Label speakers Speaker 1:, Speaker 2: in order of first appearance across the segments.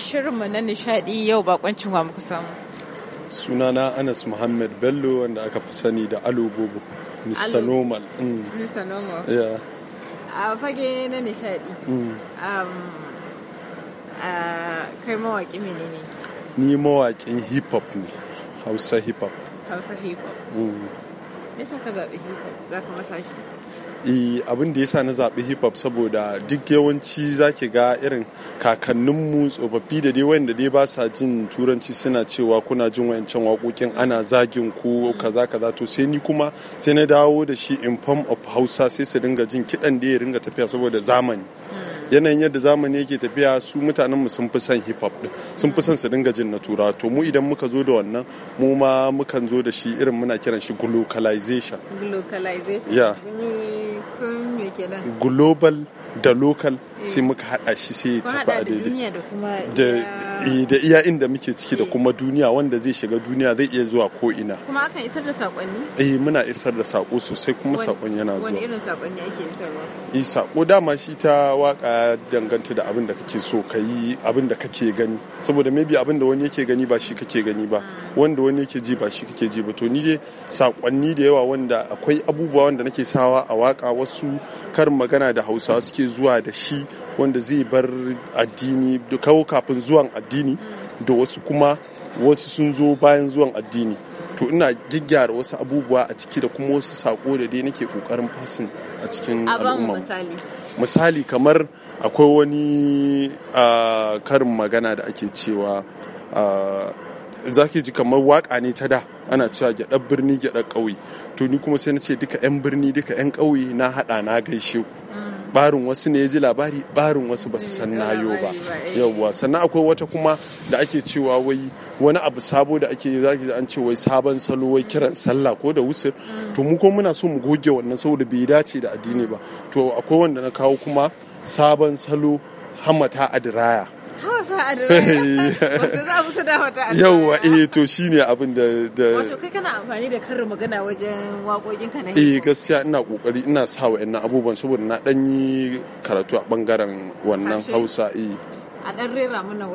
Speaker 1: Shirinmu na nishadi yau bakoncin wa muka samu.
Speaker 2: Sunana Anas Muhammad Bello wanda aka fi sani da Alububu, Mr. Normal. Mr.
Speaker 1: Mm. Normal. Yeah. A fage na nishadi. Mm. Um, kai mawaƙi mene ne?
Speaker 2: Ni mawaƙin hip hop ne, Hausa hip hop.
Speaker 1: Hausa hip hop. Mm. Bisa ka zaɓi hip hop za ka matashi?
Speaker 2: Eh abin da yasa na zaɓi hip hop saboda duk yawanci zaki ga irin kakanninmu tsofaffi da dai wanda dai ba sa jin turanci suna cewa kuna jin wayancan waƙoƙin ana zagin ku kaza kaza to sai ni kuma sai na dawo da shi in form of Hausa sai su dinga jin kiɗan da ya ringa tafiya saboda zamani. yanayin yadda zamani yake tafiya su mutanen mu sun fi son hip hop din sun fi son su dinga jin na tura to mu idan muka zo da wannan mu ma mukan zo da shi irin muna kiran shi globalization
Speaker 1: globalization ya
Speaker 2: global da local sai eh. muka haɗa shi sai ya tafi a
Speaker 1: daidai
Speaker 2: eh, da iya inda muke ciki da eh. kuma duniya wanda zai shiga duniya zai iya zuwa ko ina
Speaker 1: kuma akan isar da saƙonni
Speaker 2: eh muna isar da saƙo sosai kuma sakon yana zuwa wani
Speaker 1: irin saƙonni ake isarwa
Speaker 2: eh saƙo dama shi ta waka danganta da abin da kake so ka yi abin da kake gani saboda maybe abin da wani yake gani ba shi kake gani ba hmm. wanda wani yake ji ba shi kake ji ba to ni dai saƙonni da yawa wanda akwai abubuwa wanda nake sawa a waka wasu karin magana da hausawa suke zuwa da shi wanda zai bar addini da kawo kafin zuwan addini da wasu kuma wasu sun zo bayan zuwan addini to ina gyaggyara wasu abubuwa a ciki da kuma wasu sako da dai nake kokarin fasin a cikin al'umma misali misali kamar akwai wani karin magana da ake cewa za ji kamar waka ne ta da ana cewa gyaɗar birni gyaɗa ƙauye to ni kuma sai na ce duka 'yan birni duka 'yan ƙauye na haɗa na gaishe ku barin wasu ne ya ji labari barin wasu ba su san nayo ba yauwa sannan akwai wata kuma da ake cewa wai wani abu sabo da ake zaki an ce wai sabon salo wai kiran sallah ko da wusir to mu ko muna so mu goge wannan saboda bai dace da addini ba to akwai wanda na kawo kuma sabon salo hamata adiraya
Speaker 1: Eh, yauwa
Speaker 2: eh to shi ne abin da da wato
Speaker 1: kai kana amfani da karin magana wajen waƙoƙinka na eh
Speaker 2: gaskiya ina ƙoƙari ina sa ina abubuwan saboda na ɗan yi karatu a bangaren wannan Hausa eh
Speaker 1: a ɗan rera mana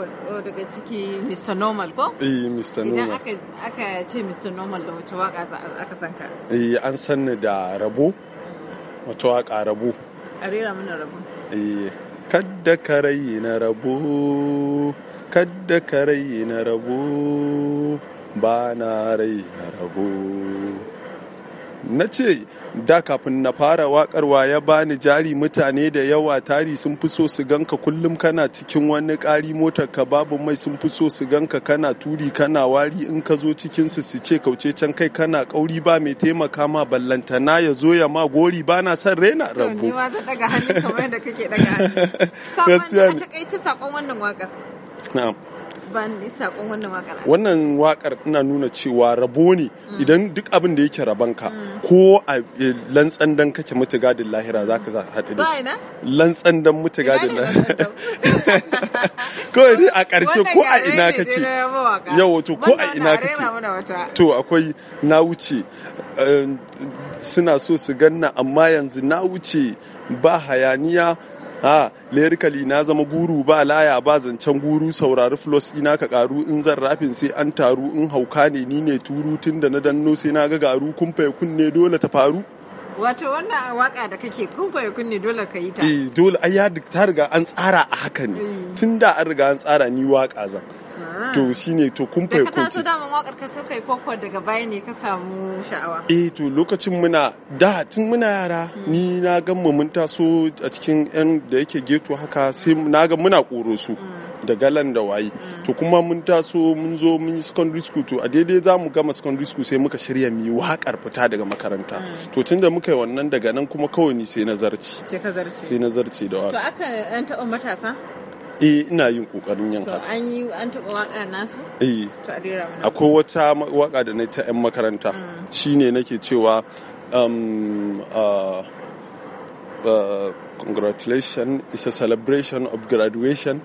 Speaker 1: daga ciki Mr. Normal ko?
Speaker 2: Eh Mr. Normal. Idan
Speaker 1: aka ce Mr. Normal da wace waka aka san ka?
Speaker 2: Eh an san ni da rabo. Mm. Wata waka rabo.
Speaker 1: A rera mana rabo.
Speaker 2: Eh kadda ka na rabo kadda ka na rabo ba na raina rabo na ce da kafin na fara wakarwa ya bani jari mutane da yawa tari sun fi so su ganka kullum kana cikin wani ƙari motar ka babu mai sun fi so su ganka kana turi kana wari in ka zo cikin su su ce kauce can kai kana kauri ba mai taimaka ma ballantana ya zo ya ma gori ba na son rena rabu gaskiya ne
Speaker 1: bani wannan wakar
Speaker 2: wannan wakar ina nuna cewa rabo ne idan duk abin da yake rabanka ko a eh, lantsan dan kake mutuga da lahira zaka ka haɗu da shi lantsan dan mutuga da lahira kawai ne a ƙarshe ko a ina kake yau wato ko a ina
Speaker 1: kake to
Speaker 2: akwai na wuce eh, suna so su ganna amma yanzu na wuce ba hayaniya ha lyrically na zama guru ba laya ba zancen guru saurari flos ina ka karu in zan rafin sai an taru in hauka ne ni ne turu tun da na danno sai na ga garu kun kunne dole ta faru
Speaker 1: wato wannan waka da kake kunfaye kunne dole ka yi ta eh
Speaker 2: dole ai ya ta riga an tsara a haka ne eh. tun da an riga an tsara ni waka zan to shine to kun fahimci da ka taso
Speaker 1: daman wakar ka so kai koko daga baya ne ka samu sha'awa
Speaker 2: eh to lokacin muna da tun muna yara hmm. ni na ga mu mun taso a cikin yan da yake geto haka sai na ga muna koro su hmm. da galan da wayi hmm. to kuma mun taso mun zo mun yi secondary school to a daidai za mu gama secondary school sai muka shirya mu yi wakar fita daga makaranta to da muka yi wannan daga nan kuma kawai ni sai nazarci sai nazarci da waka to
Speaker 1: aka yan taɓa matasa
Speaker 2: eh ina yin kokarin yin haka
Speaker 1: an yi an taba waka nasu eh to a rera mana
Speaker 2: akwai wata waka da na ta yan makaranta mm. shine nake cewa um uh, uh, congratulation is a celebration of graduation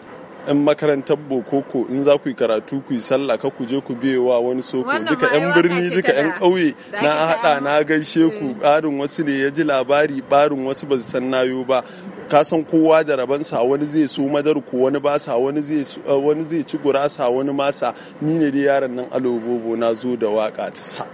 Speaker 2: yan makarantar bokoko in za ku yi karatu ku yi sallah ka ku je ku wa wani soko duka yan birni duka yan ƙauye na haɗa na gaishe ku mm. ɓarin wasu ne ya ji labari barin wasu ba su san nayo ba ka san kowa da rabansa wani zai so madar ko wani basa wani zai eh, wani zai ci gurasa wani masa ni ne dai yaron nan alobobo na zo da waka ta sa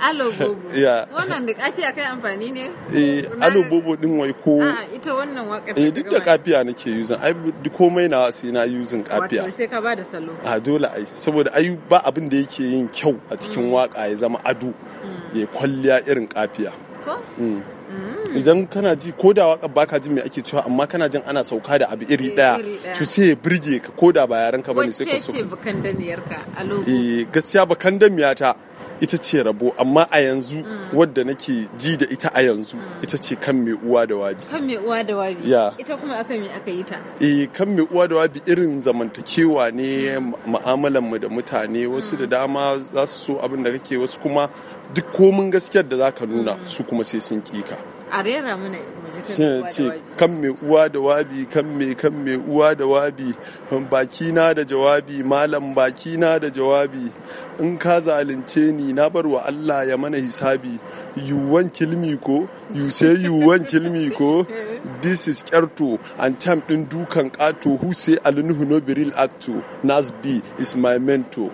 Speaker 1: alobobo
Speaker 2: ya wannan
Speaker 1: da kafiya kai amfani ne
Speaker 2: eh alobobo din wai ko a
Speaker 1: ita wannan waka eh duk da
Speaker 2: kafiya nake using ai komai na wasi na using kafiya wato
Speaker 1: sai ka ba da salo
Speaker 2: a ah, dole ai saboda ai ba abin da yake yin kyau a cikin mm. waka ya zama ado
Speaker 1: mm.
Speaker 2: ya kwalliya irin kafiya ko mm. idan kana ji ko da waka baka jin me ake cewa amma kana jin ana sauka da abu iri daya eh, to sai birge ka ko da ba yaran ka bane sai ka so ce
Speaker 1: bakandaniyar ka a lokacin
Speaker 2: eh gaskiya ta ita ce rabo amma a yanzu mm. wadda nake ji da ita a yanzu mm. ita ce kan mai uwa da wabi
Speaker 1: kan mai uwa da wabi ita kuma aka mai aka yi ta
Speaker 2: eh kan mai uwa da wabi irin zamantakewa ne mu'amalar mu da mutane wasu da mm. dama za su so abin da kake wasu kuma duk komin gaskiyar da zaka nuna su kuma sai sun kika
Speaker 1: a mana ce
Speaker 2: kan mai uwa da wabi kan mai kan mai uwa da wabi baki na da jawabi malam baki na da jawabi in ka zalunce ni na bar wa Allah ya mana hisabi yuwan kilmi ko you say yuwan kilmi ko this is kyarto and time din dukan kato who say alnuhu no biril acto nasbi is my mentor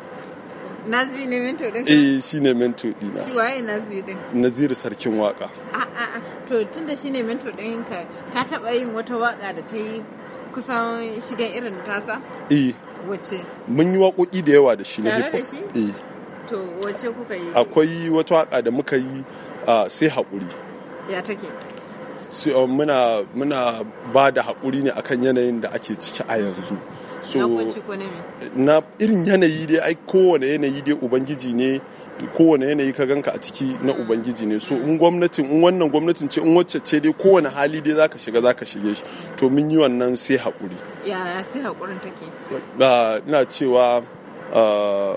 Speaker 1: Nazbi ne mentor din? Eh,
Speaker 2: shine ne mentor dina. Shi
Speaker 1: waye Nazbi din?
Speaker 2: Naziru sarkin waka.
Speaker 1: Ah, to tun da shine mentor din ka taɓa yin wata waka da ta yi kusan shigan irin tasa? eh wace
Speaker 2: mun yi waƙoƙi da yawa da shi ne hip hop eh
Speaker 1: to wace kuka yi
Speaker 2: akwai wata waka da muka yi ah, sai haƙuri ya take ah, muna muna ba da haƙuri ne akan yanayin da ake ciki a yanzu so na irin yanayi dai ai kowane yanayi dai ubangiji ne kowane yanayi ka ganka a ciki na ubangiji ne so in gwamnatin in wannan gwamnatin ce in wacce ce dai kowane hali dai zaka shiga zaka shige shi to mun yi wannan sai haƙuri
Speaker 1: ya sai haƙurin take
Speaker 2: ina cewa ah,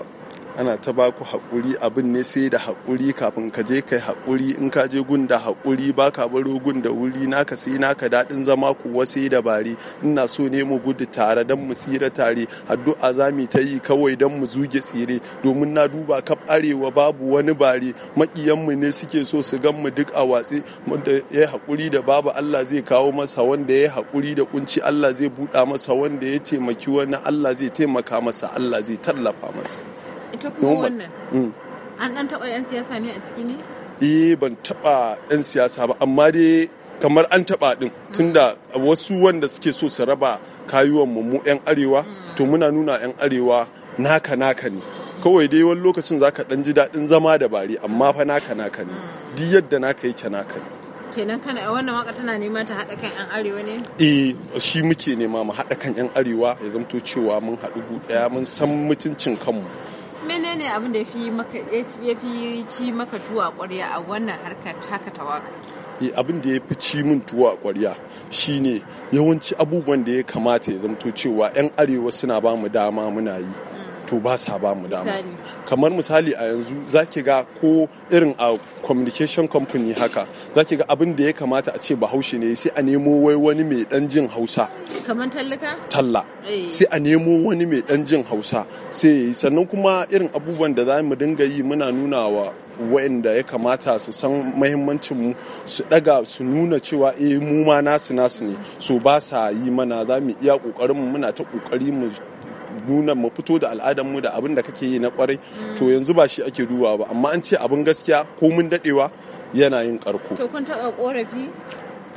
Speaker 2: ana ta baku haƙuri abin ne sai da haƙuri kafin ka je kai haƙuri in ka je gun da haƙuri ba ka baro gun da wuri naka sai naka daɗin zama kuwa sai dabari ina so ne mu gudu tare don mu tsira tare addu'a za mu ta yi kawai don mu zuge tsire domin na duba kaf arewa babu wani bare maƙiyanmu ne suke so su gan mu duk a watsi wanda ya haƙuri da babu Allah zai kawo masa wanda ya haƙuri da kunci Allah zai buɗa masa wanda ya taimaki wani Allah zai taimaka masa Allah zai tallafa masa.
Speaker 1: ita kuma wannan mm. an dan taɓa 'yan siyasa ne a ciki ne
Speaker 2: eh ban taɓa 'yan siyasa ba amma dai kamar an taɓa din. tunda wasu wanda suke so su raba kayuwan mu 'yan arewa to muna nuna 'yan arewa naka naka ne kawai dai wani lokacin za ka ɗan ji daɗin zama da bari amma fa naka naka ne duk yadda naka yake naka ne
Speaker 1: kenan kana a wannan waka tana nema ta haɗa kan 'yan arewa ne?
Speaker 2: eh shi muke nema mu haɗa kan 'yan arewa ya zamto cewa mun haɗu ɗaya mun san mutuncin kanmu
Speaker 1: ne e, abin da ya fi ci maka tuwa kwarya a wannan harkar haka tawaka
Speaker 2: abin da ya fi ci min tuwa kwarya ne yawanci abubuwan da ya kamata ya zamto cewa 'yan arewa suna ba mu dama muna yi to ba sa ba mu dama kamar misali a yanzu za ki ga ko irin a communication company haka za ki ga abin da ya kamata a ce bahaushe ne sai a nemo wai wani mai dan jin hausa
Speaker 1: kamar tallaka talla eh. sai
Speaker 2: a nemo wani mai dan jin hausa sai sannan kuma irin abubuwan da za mu dinga yi muna nuna wa waɗanda ya kamata su san mahimmancin mu su daga su nuna cewa eh mu ma nasu nasu ne so ba sa yi mana za mu iya kokarin mu muna ta kokari mu nuna mu fito da al'adar mu da abin da kake yi na kwarai to yanzu ba shi ake dubawa ba amma an ce abin gaskiya ko mun dadewa yana yin karko to
Speaker 1: kun taba korafi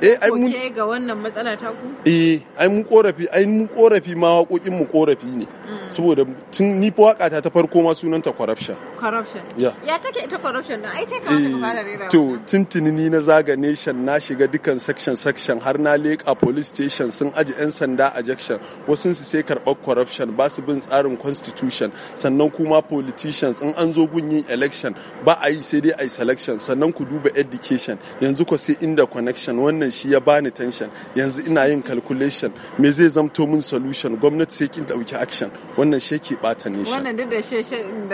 Speaker 2: eh
Speaker 1: ga wannan matsala ta ku
Speaker 2: eh ai mun korafi ai mun korafi ma waƙoƙin mu korafi ne mm. saboda tun ni fa waka ta farko ma sunanta corruption
Speaker 1: corruption ya take ita corruption din ai take ka eh, fara rera to
Speaker 2: tintini ni na zaga nation na shiga dukan section section har na leka police station sun aji yan sanda a jaction wasu su sai karɓar corruption ba su bin tsarin constitution sannan kuma politicians in an zo gun yin election ba a yi sai dai a yi selection sannan ku duba education yanzu ko sai inda connection wannan shi ya bani tension yanzu ina yin calculation me zai zamto min solution gwamnati sai kin dauki action wannan shi ke bata ne wannan
Speaker 1: duk da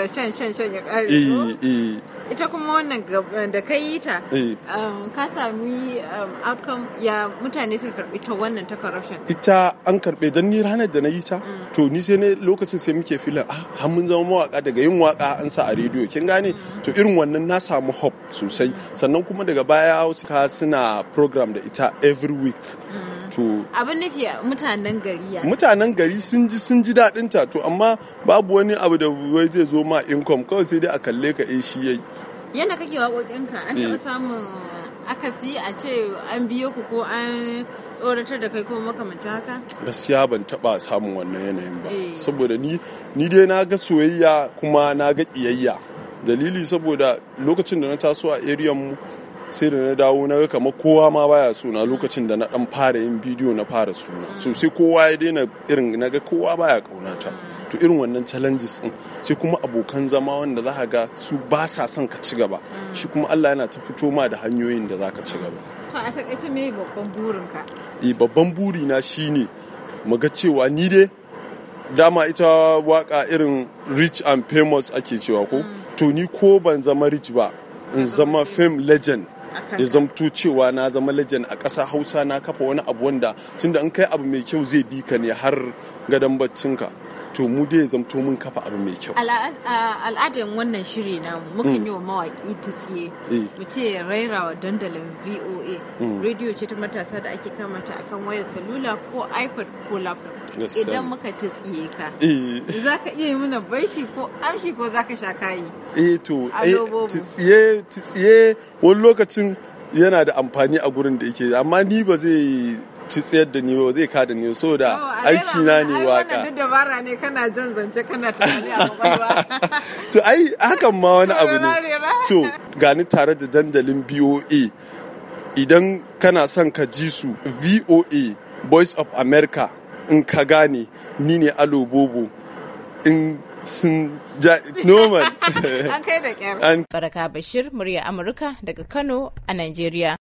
Speaker 1: shan shan shan ya kare eh, ita kuma wannan da ka yi ta eh. um, ka sami um, outcome ya mutane suka karbi ta wannan ta corruption
Speaker 2: ita an karbe don ni ranar da na yi ta mm. to ni sai ne lokacin sai muke filin ah har mun zama mawaka daga yin waka an sa a rediyo kin gane mm. to irin wannan na samu hop sosai sannan kuma daga baya suka suna program da ita every week mm. to
Speaker 1: abin nufi mutanen gari ya
Speaker 2: mutanen gari sun ji sun ji daɗin ta to amma babu wani abu da wai zai zo ma income kawai sai dai a kalle ka eh shi yayi
Speaker 1: yadda kake waƙoƙinka an taɓa eh. samun akasi a ce an biyo ku ko an tsoratar da kai ko makamancin haka
Speaker 2: gaskiya ban taɓa samun wannan yanayin ba eh. saboda ni dai na ga soyayya kuma na ga ƙiyayya dalili saboda lokacin da na taso a area mu sai da na dawo na ga kamar kowa ma baya suna lokacin da na dan fara yin bidiyo na fara suna mm. sosai kowa ya daina irin na ga kowa baya kaunata mm. to irin wannan challenges din sai kuma abokan zama wanda za ga su ba sa son ka ci gaba shi kuma Allah yana ta fito ma da hanyoyin da za ka ci gaba
Speaker 1: to a takaice me babban burinka
Speaker 2: eh babban buri na shine mu ga cewa ni dai dama ita waka irin rich and famous ake cewa ko mm. to ni ko ban zama rich ba in zama fame legend ya zamto cewa na zama legend a ƙasa hausa na kafa wani abu wanda tunda in kai abu mai kyau zai bi ka ne har gadon baccinka to mu dai zamto mun kafa abu mai kyau
Speaker 1: al'adar wannan shiri na mukan mm. yi wa mawaƙi ta tsiye eh. mu ce raira wa dandalin voa mm. radio ce ta matasa da ake kamata kan wayar salula ko ipad ko laptop idan muka ta tsiye ka eh. za ka iya yi mana baiti ko amshi ko za ka sha kayi
Speaker 2: eh to eh, tsiye wani lokacin yana da amfani a gurin da yake amma ni ba zai tsayar da ni ba zai ka da ni so da oh, aiki na ne waka duk
Speaker 1: dabara ne kana jan zance kana tunani a kwakwalwa
Speaker 2: to ai hakan ma wani abu ne to gani tare da dandalin BOA idan kana son ka ji su VOA Voice of America in ka gane ni ne Alo Bobo in sun ja normal an
Speaker 1: kai da kyar Baraka Bashir murya Amurka daga Kano a Najeriya